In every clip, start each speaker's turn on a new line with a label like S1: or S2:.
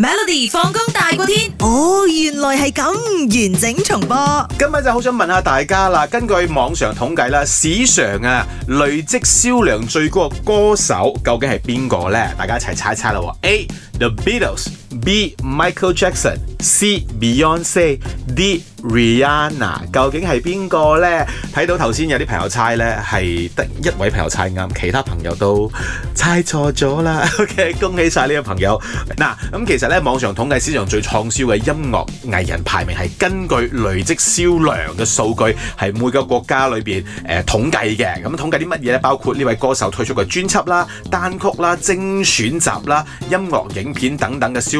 S1: Melody 放工大過
S2: 天，哦，原來係咁
S1: 完整重播。
S2: 今日就好想問下大家啦，根據網上統計啦，史上啊累積銷量最高嘅歌手究竟係邊個呢？大家一齊猜猜啦。A The Beatles。B. Michael Jackson，C. Beyonce，D. Rihanna，究竟係邊個咧？睇到頭先有啲朋友猜咧，係得一位朋友猜啱，其他朋友都猜錯咗啦。OK，恭喜晒呢個朋友。嗱，咁其實咧，網上統計史上最暢銷嘅音樂藝人排名係根據累積銷量嘅數據，係每個國家裏邊誒統計嘅。咁統計啲乜嘢咧？包括呢位歌手推出嘅專輯啦、單曲啦、精選集啦、音樂影片等等嘅銷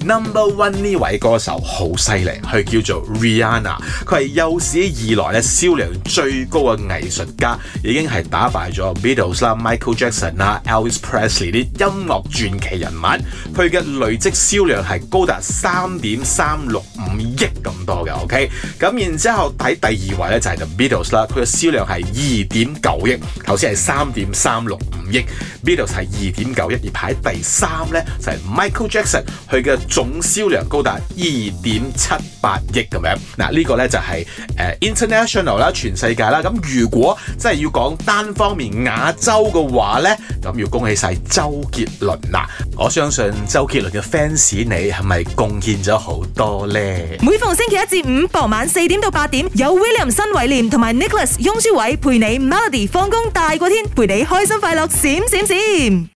S2: Number one 呢位歌手好犀利，佢叫做 Rihanna，佢係有史以來咧銷量最高嘅藝術家，已經係打敗咗 Beatles 啦、Michael Jackson 啦、Elvis Presley 啲音樂傳奇人物。佢嘅累積銷量係高達三點三六五億咁多嘅，OK。咁然之後睇第二位咧就係 The Beatles 啦，佢嘅銷量係二點九億，頭先係三點三六五億，Beatles 係二點九億，而排第三咧就係 Michael Jackson，佢嘅。總銷量高達二點七八億咁樣，嗱、這、呢個呢就係 international 啦，全世界啦。咁如果真係要講單方面亞洲嘅話呢，咁要恭喜晒周杰倫啦！我相信周杰倫嘅 fans 你係咪貢獻咗好多呢？
S1: 每逢星期一至五傍晚四點到八點，有 William 新偉廉同埋 Nicholas 翁舒偉陪你 Melody 放工大過天，陪你開心快樂閃閃閃。閃閃閃閃